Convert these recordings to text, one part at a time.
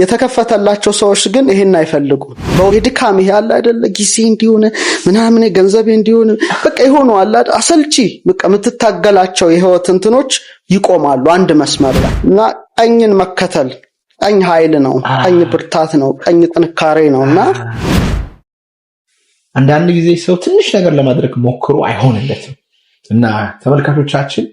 የተከፈተላቸው ሰዎች ግን ይሄን አይፈልጉም። የድካም ይሄ አለ አይደለ ጊዜ እንዲሆን ምናምን ገንዘብ እንዲሆን በቃ የሆኑ አለ አሰልቺ በቃ የምትታገላቸው የህይወት እንትኖች ይቆማሉ አንድ መስመር ላይ እና ቀኝን መከተል ቀኝ ኃይል ነው፣ ቀኝ ብርታት ነው፣ ቀኝ ጥንካሬ ነው እና አንዳንድ ጊዜ ሰው ትንሽ ነገር ለማድረግ ሞክሮ አይሆንለትም እና ተመልካቾቻችን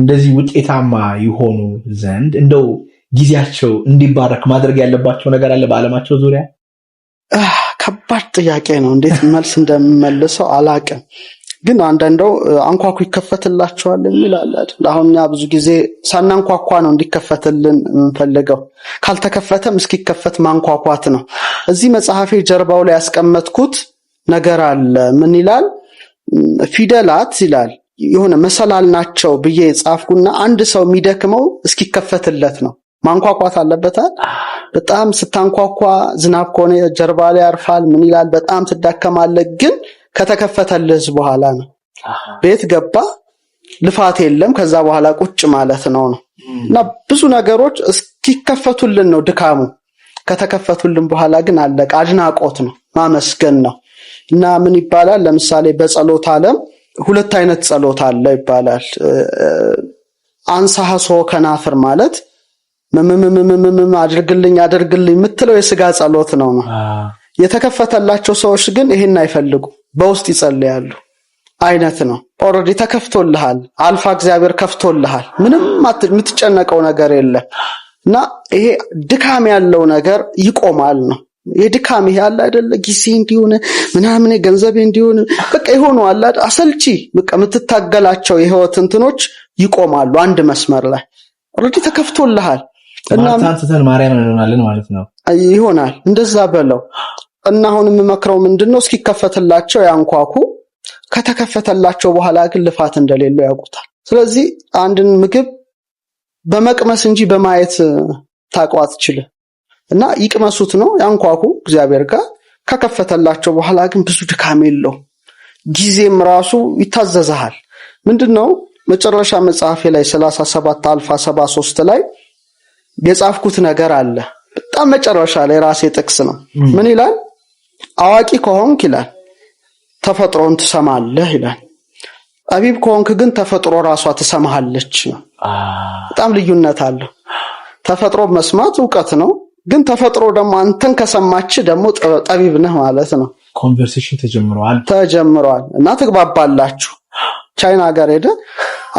እንደዚህ ውጤታማ ይሆኑ ዘንድ እንደው ጊዜያቸው እንዲባረክ ማድረግ ያለባቸው ነገር አለ በአለማቸው ዙሪያ? ከባድ ጥያቄ ነው። እንዴት መልስ እንደምመልሰው አላቅም። ግን አንዳንደው አንኳኩ ይከፈትላቸዋል የሚል አለ። አሁን እኛ ብዙ ጊዜ ሳናንኳኳ ነው እንዲከፈትልን የምንፈልገው። ካልተከፈተም እስኪከፈት ማንኳኳት ነው። እዚህ መጽሐፌ ጀርባው ላይ ያስቀመጥኩት ነገር አለ። ምን ይላል? ፊደላት ይላል የሆነ መሰላል ናቸው ብዬ ጻፍኩና አንድ ሰው የሚደክመው እስኪከፈትለት ነው። ማንኳኳት አለበታል። በጣም ስታንኳኳ ዝናብ ከሆነ ጀርባ ላይ ያርፋል። ምን ይላል? በጣም ትዳከማለህ። ግን ከተከፈተልህ በኋላ ነው። ቤት ገባ፣ ልፋት የለም። ከዛ በኋላ ቁጭ ማለት ነው ነው እና ብዙ ነገሮች እስኪከፈቱልን ነው ድካሙ። ከተከፈቱልን በኋላ ግን አለቀ። አድናቆት ነው፣ ማመስገን ነው እና ምን ይባላል? ለምሳሌ በጸሎት ዓለም ሁለት አይነት ጸሎት አለ ይባላል። አንሳሶ ከናፍር ማለት ምምምምምምም አድርግልኝ አድርግልኝ የምትለው የስጋ ጸሎት ነው። የተከፈተላቸው ሰዎች ግን ይህን አይፈልጉ በውስጥ ይጸልያሉ አይነት ነው። ኦልሬዲ ተከፍቶልሃል። አልፋ እግዚአብሔር ከፍቶልሃል። ምንም የምትጨነቀው ነገር የለም እና ይሄ ድካም ያለው ነገር ይቆማል ነው ድካም ይሄ አለ አይደለ ጊዜ እንዲሆነ ምናምን ገንዘቤ እንዲሆን በቃ የሆኑ አለ አሰልቺ በቃ የምትታገላቸው የህይወት እንትኖች ይቆማሉ አንድ መስመር ላይ ኦልሬዲ ተከፍቶልሃል። ማርታን ማርያምን እንሆናለን ማለት ነው። ይሆናል እንደዛ በለው እና አሁን የምመክረው ምንድን ነው፣ እስኪከፈትላቸው ያንኳኩ። ከተከፈተላቸው በኋላ ግን ልፋት እንደሌለው ያውቁታል። ስለዚህ አንድን ምግብ በመቅመስ እንጂ በማየት ታውቀው አትችልም። እና ይቅመሱት ነው ያንኳኩ እግዚአብሔር ጋር። ከከፈተላቸው በኋላ ግን ብዙ ድካም የለው፣ ጊዜም ራሱ ይታዘዝሃል። ምንድን ነው መጨረሻ መጽሐፌ ላይ 37 አልፋ 73 ላይ የጻፍኩት ነገር አለ። በጣም መጨረሻ ላይ ራሴ ጥቅስ ነው። ምን ይላል? አዋቂ ከሆንክ ይላል ተፈጥሮን ትሰማለህ ይላል። ጠቢብ ከሆንክ ግን ተፈጥሮ ራሷ ትሰማሃለች ነው። በጣም ልዩነት አለው። ተፈጥሮ መስማት እውቀት ነው፣ ግን ተፈጥሮ ደግሞ አንተን ከሰማች ደግሞ ጠቢብ ነህ ማለት ነው። ኮንቨርሴሽን ተጀምረዋል ተጀምረዋል እና ትግባባላችሁ። ቻይና ሀገር ሄደ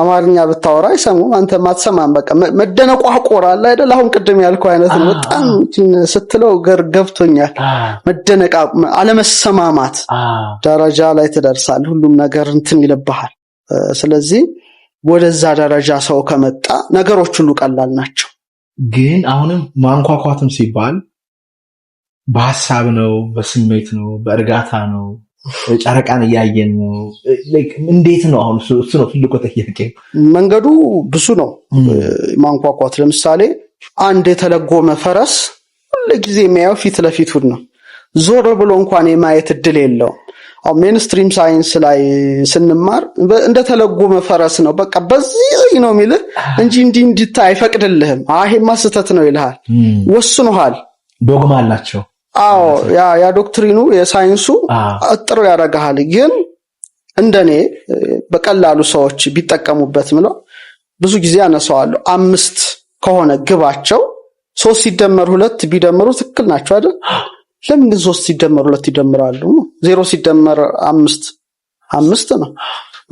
አማርኛ ብታወራ አይሰሙም። አንተ ማትሰማም በቃ መደነቋቆር አለ አይደል? አሁን ቅድም ያልኩ አይነት ነው። በጣም ስትለው ገር ገብቶኛል። መደነቃ አለመሰማማት ደረጃ ላይ ትደርሳል። ሁሉም ነገር እንትን ይልብሃል። ስለዚህ ወደዛ ደረጃ ሰው ከመጣ ነገሮች ሁሉ ቀላል ናቸው። ግን አሁንም ማንኳኳትም ሲባል በሀሳብ ነው፣ በስሜት ነው፣ በእርጋታ ነው ጨረቃን እያየን ነው። እንዴት ነው አሁን? እሱ ነው ትልቁ ጥያቄ። መንገዱ ብዙ ነው ማንኳኳት። ለምሳሌ አንድ የተለጎመ ፈረስ ሁልጊዜ የሚያየው ፊት ለፊቱን ነው። ዞር ብሎ እንኳን የማየት እድል የለውም። አሁን ሜንስትሪም ሳይንስ ላይ ስንማር እንደተለጎመ ፈረስ ነው። በቃ በዚህ ነው የሚልህ እንጂ እንዲህ እንዲታይ አይፈቅድልህም። ይሄማ ስህተት ነው ይልሃል። ወስኖሃል። ዶግማ አላቸው አዎ ያ ዶክትሪኑ የሳይንሱ ጥሩ ያደርግሃል። ግን እንደኔ በቀላሉ ሰዎች ቢጠቀሙበት ምለው ብዙ ጊዜ አነሳዋለሁ። አምስት ከሆነ ግባቸው ሶስት ሲደመር ሁለት ቢደምሩ ትክክል ናቸው አይደል? ለምን ግን ሶስት ሲደመር ሁለት ይደምራሉ? ዜሮ ሲደመር አምስት አምስት ነው።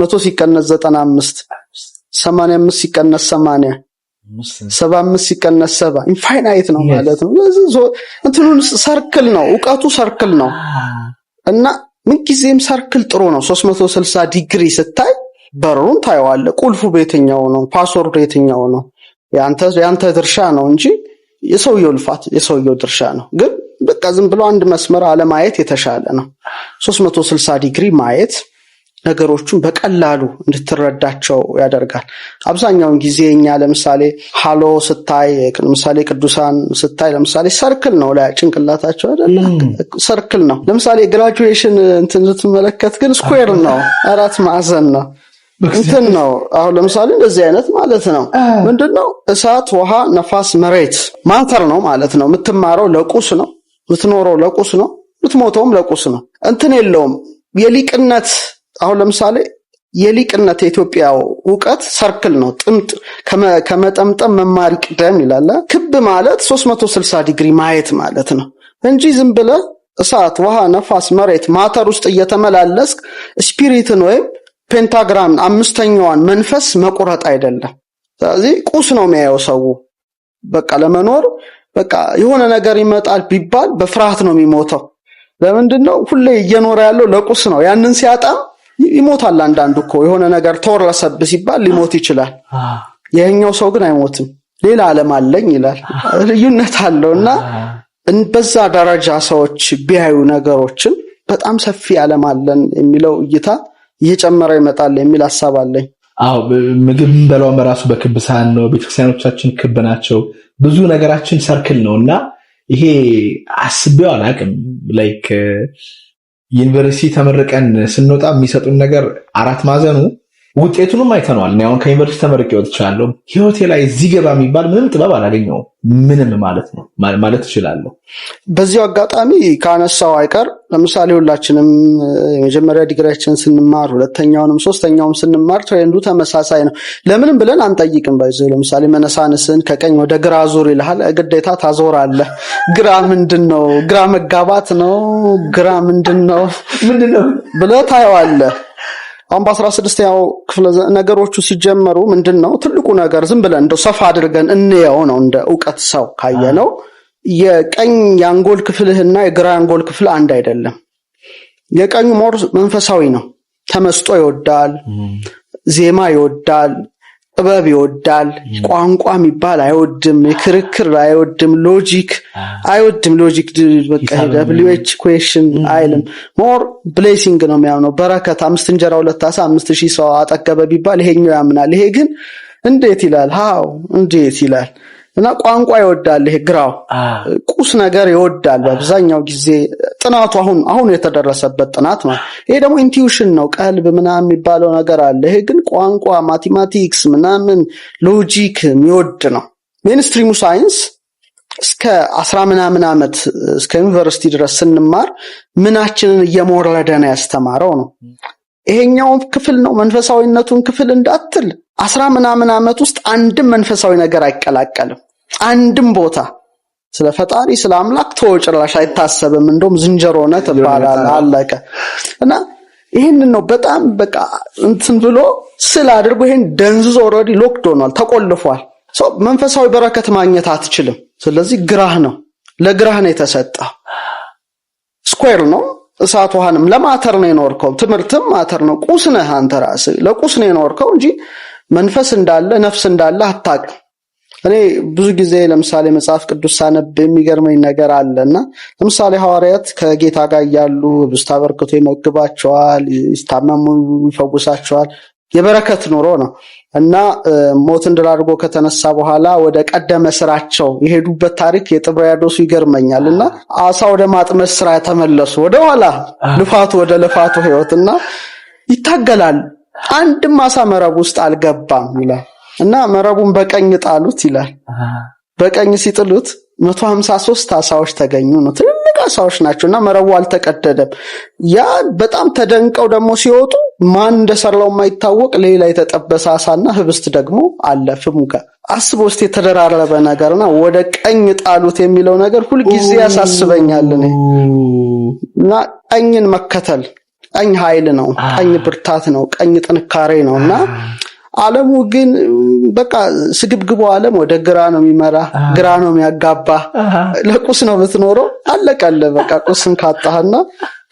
መቶ ሲቀነስ ዘጠና አምስት ሰማንያ አምስት ሲቀነስ ሰማንያ ሰባ አምስት ሲቀነስ ሰባ ኢንፋይናይት ነው ማለት ነው። እንትኑን ሰርክል ነው እውቀቱ ሰርክል ነው ah. እና ምንጊዜም ሰርክል ጥሩ ነው። ሶስት መቶ ስልሳ ዲግሪ ስታይ በሩን ታየዋለ። ቁልፉ በየትኛው ነው? ፓስወርዱ የትኛው ነው? የአንተ ድርሻ ነው እንጂ የሰውየው ልፋት የሰውየው ድርሻ ነው። ግን በቃ ዝም ብሎ አንድ መስመር አለማየት የተሻለ ነው። ሶስት መቶ ስልሳ ዲግሪ ማየት ነገሮቹን በቀላሉ እንድትረዳቸው ያደርጋል። አብዛኛውን ጊዜ እኛ ለምሳሌ ሀሎ ስታይ ለምሳሌ ቅዱሳን ስታይ ለምሳሌ ሰርክል ነው ላይ ጭንቅላታቸው ሰርክል ነው። ለምሳሌ ግራጁዌሽን እንትን ስትመለከት ግን ስኩዌር ነው፣ አራት ማዕዘን ነው እንትን ነው። አሁን ለምሳሌ እንደዚህ አይነት ማለት ነው። ምንድን ነው እሳት፣ ውሃ፣ ነፋስ፣ መሬት ማተር ነው ማለት ነው። የምትማረው ለቁስ ነው፣ የምትኖረው ለቁስ ነው፣ የምትሞተውም ለቁስ ነው። እንትን የለውም የሊቅነት አሁን ለምሳሌ የሊቅነት የኢትዮጵያ እውቀት ሰርክል ነው። ጥምጥ ከመጠምጠም መማር ይቅደም ይላል። ክብ ማለት 360 ዲግሪ ማየት ማለት ነው እንጂ ዝም ብለ እሳት፣ ውሃ፣ ነፋስ፣ መሬት ማተር ውስጥ እየተመላለስክ ስፒሪትን ወይም ፔንታግራምን አምስተኛዋን መንፈስ መቁረጥ አይደለም። ስለዚህ ቁስ ነው የሚያየው ሰው በቃ ለመኖር በቃ የሆነ ነገር ይመጣል ቢባል በፍርሃት ነው የሚሞተው። ለምንድን ነው ሁሌ እየኖረ ያለው? ለቁስ ነው። ያንን ሲያጣም ይሞታል። አንዳንዱ እኮ የሆነ ነገር ተወረሰብ ሲባል ሊሞት ይችላል። ይህኛው ሰው ግን አይሞትም። ሌላ ዓለም አለኝ ይላል። ልዩነት አለው እና በዛ ደረጃ ሰዎች ቢያዩ ነገሮችን በጣም ሰፊ ዓለም አለን የሚለው እይታ እየጨመረ ይመጣል የሚል ሀሳብ አለኝ። አዎ ምግብ የምንበላው በራሱ በክብ ሳህን ነው። ቤተክርስቲያኖቻችን ክብ ናቸው። ብዙ ነገራችን ሰርክል ነው እና ይሄ አስቤው አላቅም ላይክ ዩኒቨርሲቲ ተመርቀን ስንወጣ የሚሰጡን ነገር አራት ማዕዘኑ ውጤቱንም አይተነዋል። እኔ አሁን ከዩኒቨርሲቲ ተመርቄ ወጥቻለሁ። ህይወቴ ላይ እዚህ ገባ የሚባል ምንም ጥበብ አላገኘው ምንም ማለት ነው ማለት እችላለሁ። በዚሁ አጋጣሚ ከአነሳው አይቀር ለምሳሌ ሁላችንም የመጀመሪያ ዲግሪያችን ስንማር ሁለተኛውንም ሶስተኛውም ስንማር ትሬንዱ ተመሳሳይ ነው። ለምንም ብለን አንጠይቅም። በዚ ለምሳሌ መነሳንስን ከቀኝ ወደ ግራ ዙር ይልሃል፣ ግዴታ ታዞራለህ። ግራ ምንድን ነው? ግራ መጋባት ነው። ግራ ምንድን ነው? ምንድን ነው ብለህ ታየዋለህ አሁን በአስራ ስድስተኛው ክፍለ ነገሮቹ ሲጀመሩ ምንድን ነው ትልቁ ነገር? ዝም ብለን እንደው ሰፋ አድርገን እንየው ነው እንደ እውቀት ሰው ካየነው የቀኝ የአንጎል ክፍልህና የግራ የአንጎል ክፍል አንድ አይደለም። የቀኙ ሞር መንፈሳዊ ነው። ተመስጦ ይወዳል፣ ዜማ ይወዳል፣ ጥበብ ይወዳል። ቋንቋ የሚባል አይወድም። ክርክር አይወድም። ሎጂክ አይወድም። ሎጂክ ደብሊው ኤች ኩዌሽን አይልም። ሞር ብሌሲንግ ነው የሚያምነው፣ በረከት። አምስት እንጀራ ሁለት አሳ አምስት ሺህ ሰው አጠገበ ቢባል ይሄኛው ያምናል። ይሄ ግን እንዴት ይላል? ሀው እንዴት ይላል? እና ቋንቋ ይወዳል። ይሄ ግራው ቁስ ነገር ይወዳል በአብዛኛው ጊዜ ጥናቱ አሁን አሁን የተደረሰበት ጥናት ነው። ይሄ ደግሞ ኢንቲዩሽን ነው ቀልብ ምናምን የሚባለው ነገር አለ። ይሄ ግን ቋንቋ፣ ማቴማቲክስ ምናምን ሎጂክ የሚወድ ነው። ሜንስትሪሙ ሳይንስ እስከ አስራ ምናምን ዓመት እስከ ዩኒቨርሲቲ ድረስ ስንማር ምናችንን እየሞረደ ነው ያስተማረው ነው። ይሄኛውን ክፍል ነው መንፈሳዊነቱን ክፍል እንዳትል አስራ ምናምን ዓመት ውስጥ አንድም መንፈሳዊ ነገር አይቀላቀልም። አንድም ቦታ ስለ ፈጣሪ ስለ አምላክ ተወጭራሽ አይታሰብም። እንደውም ዝንጀሮ ነህ ትባላለህ። አለቀ እና ይህንን ነው በጣም በቃ እንትን ብሎ ስል አድርጎ ይህን ደንዝዞ ኦልሬዲ ሎክድ ሆኗል፣ ተቆልፏል። መንፈሳዊ በረከት ማግኘት አትችልም። ስለዚህ ግራህ ነው ለግራህ ነው የተሰጠው። ስኩዌር ነው እሳት ውሃንም ለማተር ነው የኖርከው። ትምህርትም ማተር ነው። ቁስ ነህ አንተ ራስህ ለቁስ ነው የኖርከው እንጂ መንፈስ እንዳለ ነፍስ እንዳለ አታውቅም። እኔ ብዙ ጊዜ ለምሳሌ መጽሐፍ ቅዱስ ሳነብ የሚገርመኝ ነገር አለ እና ለምሳሌ ሐዋርያት ከጌታ ጋር እያሉ ብዙ አበርክቶ ይመግባቸዋል፣ ይስታመሙ፣ ይፈውሳቸዋል። የበረከት ኑሮ ነው እና ሞትን ድል አድርጎ ከተነሳ በኋላ ወደ ቀደመ ስራቸው የሄዱበት ታሪክ የጥብርያዶሱ ይገርመኛል እና አሳ ወደ ማጥመስ ስራ ተመለሱ። ወደኋላ ልፋቱ ወደ ልፋቱ ህይወት እና ይታገላል። አንድም አሳ መረብ ውስጥ አልገባም ይላል። እና መረቡን በቀኝ ጣሉት ይላል። በቀኝ ሲጥሉት መቶ ሀምሳ ሶስት አሳዎች ተገኙ ነው። ትልልቅ አሳዎች ናቸው እና መረቡ አልተቀደደም። ያ በጣም ተደንቀው ደግሞ ሲወጡ ማን እንደሰራው የማይታወቅ ሌላ የተጠበሰ አሳና ህብስት ደግሞ አለ ፍሙ ጋር። አስቦ ውስጥ የተደራረበ ነገርና ወደ ቀኝ ጣሉት የሚለው ነገር ሁልጊዜ ያሳስበኛል እኔ እና ቀኝን መከተል ቀኝ ኃይል ነው፣ ቀኝ ብርታት ነው፣ ቀኝ ጥንካሬ ነው እና አለሙ ግን በቃ ስግብግቡ አለም ወደ ግራ ነው የሚመራ፣ ግራ ነው የሚያጋባ። ለቁስ ነው የምትኖረው፣ አለቀለ በቃ ቁስን ካጣህና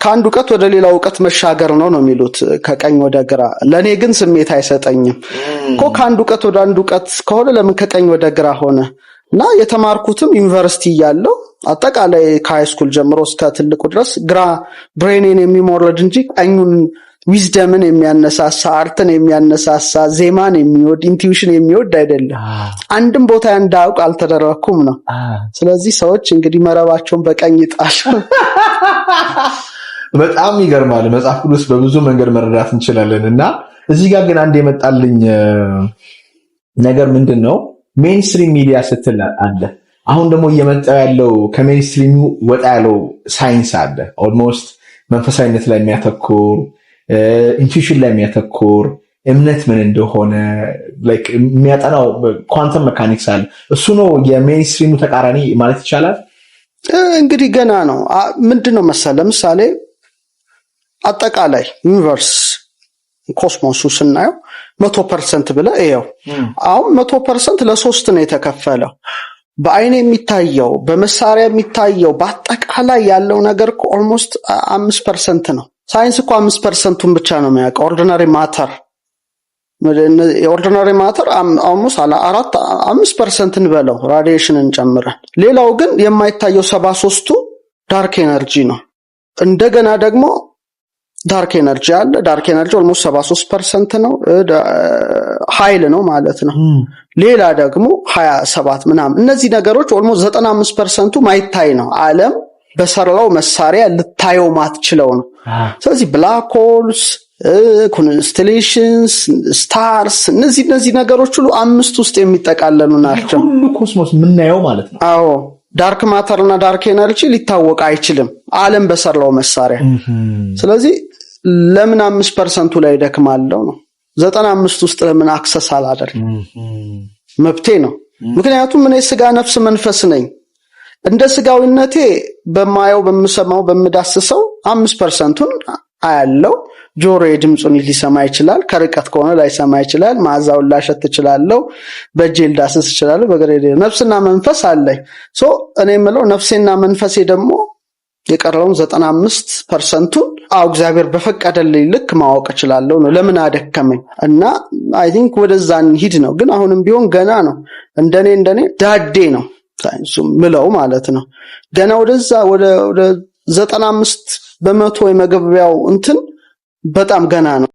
ከአንድ እውቀት ወደ ሌላ እውቀት መሻገር ነው ነው የሚሉት ከቀኝ ወደ ግራ። ለእኔ ግን ስሜት አይሰጠኝም እኮ ከአንድ እውቀት ወደ አንድ እውቀት ከሆነ ለምን ከቀኝ ወደ ግራ ሆነ? እና የተማርኩትም ዩኒቨርሲቲ እያለው አጠቃላይ ከሃይስኩል ጀምሮ እስከ ትልቁ ድረስ ግራ ብሬኔን የሚሞረድ እንጂ ቀኙን ዊዝደምን የሚያነሳሳ አርትን የሚያነሳሳ ዜማን የሚወድ ኢንቲዩሽን የሚወድ አይደለም። አንድም ቦታ እንዳያውቅ አልተደረኩም ነው። ስለዚህ ሰዎች እንግዲህ መረባቸውን በቀኝ ጣል። በጣም ይገርማል። መጽሐፍ ቅዱስ በብዙ መንገድ መረዳት እንችላለን እና እዚህ ጋር ግን አንድ የመጣልኝ ነገር ምንድን ነው ሜንስትሪም ሚዲያ ስትል አለ። አሁን ደግሞ እየመጣ ያለው ከሜንስትሪሙ ወጣ ያለው ሳይንስ አለ ኦልሞስት መንፈሳዊነት ላይ የሚያተኩር ኢንቱሽን ላይ የሚያተኩር እምነት ምን እንደሆነ የሚያጠናው ኳንተም መካኒክስ አለ። እሱ ነው የሜንስትሪሙ ተቃራኒ ማለት ይቻላል። እንግዲህ ገና ነው። ምንድን ነው መሰለ፣ ለምሳሌ አጠቃላይ ዩኒቨርስ ኮስሞሱ ስናየው መቶ ፐርሰንት ብለህ እየው። አሁን መቶ ፐርሰንት ለሶስት ነው የተከፈለው። በአይን የሚታየው በመሳሪያ የሚታየው በአጠቃላይ ያለው ነገር ኦልሞስት አምስት ፐርሰንት ነው። ሳይንስ እኮ አምስት ፐርሰንቱን ብቻ ነው የሚያውቀው። ኦርዲናሪ ማተር የኦርዲናሪ ማተር አሙስ አራት አምስት ፐርሰንት እንበለው ራዲዬሽንን ጨምረን፣ ሌላው ግን የማይታየው ሰባ ሶስቱ ዳርክ ኤነርጂ ነው። እንደገና ደግሞ ዳርክ ኤነርጂ አለ። ዳርክ ኤነርጂ ኦልሞስት ሰባ ሶስት ፐርሰንት ነው፣ ሀይል ነው ማለት ነው። ሌላ ደግሞ ሀያ ሰባት ምናምን እነዚህ ነገሮች ኦልሞስት ዘጠና አምስት ፐርሰንቱ ማይታይ ነው አለም በሰራው መሳሪያ ልታየው ማትችለው ነው። ስለዚህ ብላክ ሆልስ፣ ኮንስቴሌሽንስ፣ ስታርስ እነዚህ እነዚህ ነገሮች ሁሉ አምስት ውስጥ የሚጠቃለሉ ናቸው። ሁሉ ኮስሞስ የምናየው ማለት ነው። አዎ ዳርክ ማተር እና ዳርክ ኤነርጂ ሊታወቅ አይችልም አለም በሰራው መሳሪያ። ስለዚህ ለምን አምስት ፐርሰንቱ ላይ ደክማለው ነው ዘጠና አምስት ውስጥ ለምን አክሰስ አላደርግ መብቴ ነው። ምክንያቱም እኔ ስጋ፣ ነፍስ፣ መንፈስ ነኝ። እንደ ስጋዊነቴ በማየው በምሰማው በምዳስሰው አምስት ፐርሰንቱን አያለው። ጆሮ ድምፁን ሊሰማ ይችላል። ከርቀት ከሆነ ላይሰማ ይችላል። መዓዛውን ላሸት እችላለሁ። በእጄ ልዳስስ እችላለሁ። በገሬ ነፍስና መንፈስ አለኝ። ሶ እኔ የምለው ነፍሴና መንፈሴ ደግሞ የቀረውን ዘጠና አምስት ፐርሰንቱን አው እግዚአብሔር በፈቀደልኝ ልክ ማወቅ እችላለሁ ነው። ለምን አደከመኝ እና አይ ቲንክ ወደዛ እንሂድ ነው። ግን አሁንም ቢሆን ገና ነው። እንደኔ እንደኔ ዳዴ ነው ሳይንሱ ምለው ማለት ነው። ገና ወደዛ ወደ ዘጠና አምስት በመቶ የመገበያው እንትን በጣም ገና ነው።